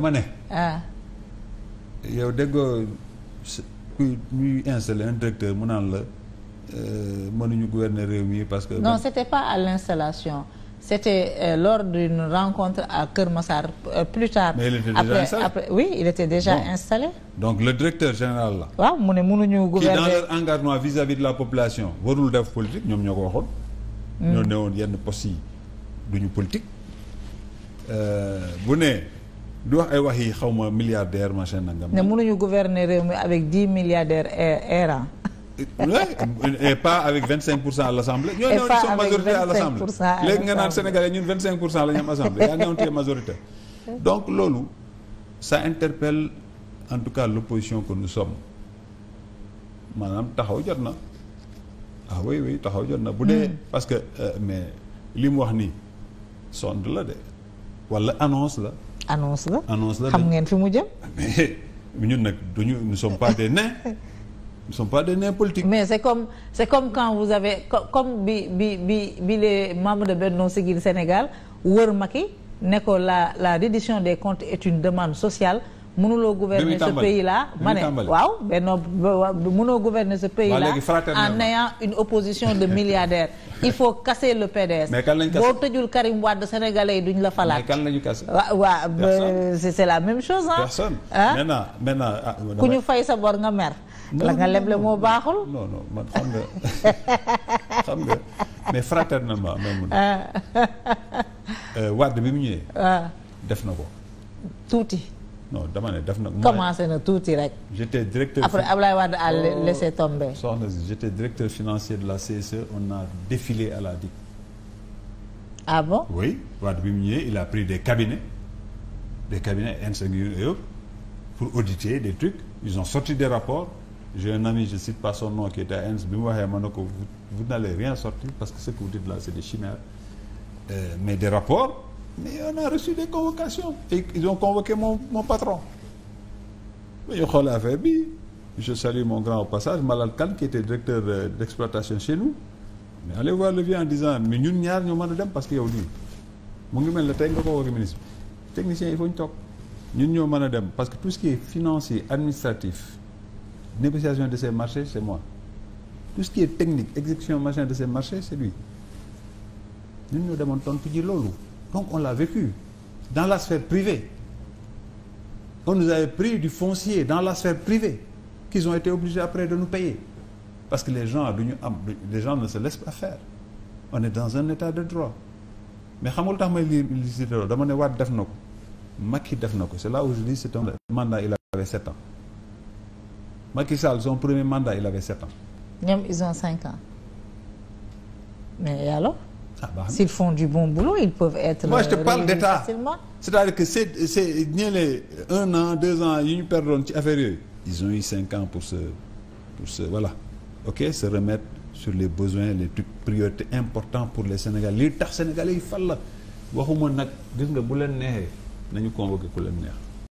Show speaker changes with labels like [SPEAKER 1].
[SPEAKER 1] ma ne. Ah. yow déggoo kuy ñuy installer un directeur mu naan la euh, mënuñu gouverner réew mi parce que. non
[SPEAKER 2] c'était pas à l'installation c'était euh, lors d'une rencontre à Kër Massar euh, plus tard. mais il était déjà installé après
[SPEAKER 1] donc le directeur général la.
[SPEAKER 2] waaw mu ne mënuñu gouverner qui dans
[SPEAKER 1] leur engagement vis-à-vis de la population warul def politique ñoom ñoo ko waxoon. Hmm. ñoo newoon yenn postes yi duñu politique euh, bu ne. du wax ay wax yi xaw ma milliardaire machin nangam. ne
[SPEAKER 2] mënuñu gouverner réew mi avec dix milliardaires errants.
[SPEAKER 1] et pas avec vingt cinq pour cent à l' ñoo ñoo ñu sont majorité à l' assemblée léegi nga naan sénégalais ñun vingt cinq pour cent la ñu am assemblée yaa ngi woon majorité. donc loolu sa interpelle en tout cas l' opposition que nous sommes maanaam taxaw jot na ah oui oui taxaw jot na. bu dee hmm. parce que euh, mais li mu wax nii sonde la de walla annonce la. annonce la. annonce la xam ngeen fi mu jëm. mais ñun nag duñu nous sommes pas des nains. ne sont
[SPEAKER 2] pas des nains politiques. mais c'est comme c'est comme quand vous avez comme bi bi bi bi les membres de Benno Siggil Sénégal wër Macky ne la la reddition des comptes est une demande sociale. mënuloo gouverner ce pays là ma ne waaw benno mënoo gouverner ce pays là en ayant une opposition de milliardaires il faut casser le PDS boo tëjul Karim Wade sénégalais yi duñ la falaat mais
[SPEAKER 1] kan lañu casser waaw
[SPEAKER 2] waaw euh, c'est la même chose ah personne
[SPEAKER 1] maintenant ku ñu
[SPEAKER 2] fay sa bor nga mer la nga leble moo baaxul non non man
[SPEAKER 1] xam nga mais fraternellement même
[SPEAKER 2] ah.
[SPEAKER 1] euh, bi mu ñëwee ah. def na ko tuuti non dama ne def na. commencé
[SPEAKER 2] na tuuti rek.
[SPEAKER 1] j'étais directeur après
[SPEAKER 2] Ablaye Wade a laissé
[SPEAKER 1] j'étais directeur financier de la s CSE on a défilé à la DIC. ah bon. oui Wade bi mu ñëwee il a pris des cabinets des cabinets inségues yëpp pour auditer des trucs ils ont sorti des rapports j'ai un ami je cite pas son nom qui était à ENS bi mu waxee ma ne ko vous n'allez rien sortir parce que ce que vous dites là c'est des chimères euh, mais des rapports. mais on a reçu des convocations et ils ont convoqué mon patron ba ñu xool affaire bi je salue mon grand passage Malal Kane était directeur euh, d'exploitation chez nous mais allez voir le vieux en mais ñun ñaar ñoo mën a dem parce que yow lii mu ngi mel ne tey nga ko waxee ministre technicien il faut ñu toog ñun ñoo mën a dem parce que tout ce qui est financier administratif négociation de ces marchés c'est moi tout ce qui est technique exécution machin de ces marchés c'est lui ñun demoon tontu ji loolu. donc on l'a vécu dans la sphère privée on nous avait pris du foncier dans la sphère privée qu'ils ont été obligés après de nous payer parce que les gens duñu am les gens ne se laissent pas faire on est dans un état de droit mais xamul tax may li licité dama ne waat def na ko Macky def na ko c'est là où je dis c'est un mandat il avait sept ans Macky Sall son premier mandat il avait sept ans
[SPEAKER 2] ñoom ils ont cinq ans mais alors s'ils font du bon boulot ils peuvent être moi je
[SPEAKER 1] c'est-à-dire que c'est c'est ñeelee un an deux ans yu ñu perdoon ci affaire yooyu ils ont eu cinq ans pour se pour se voilà ok se remettre sur les besoins les trucs priorités importants pour les Sénégalais li tax Sénégalais yi fal la waxuma nag gis nga bu leen neexee nañu convoqué ku leen neex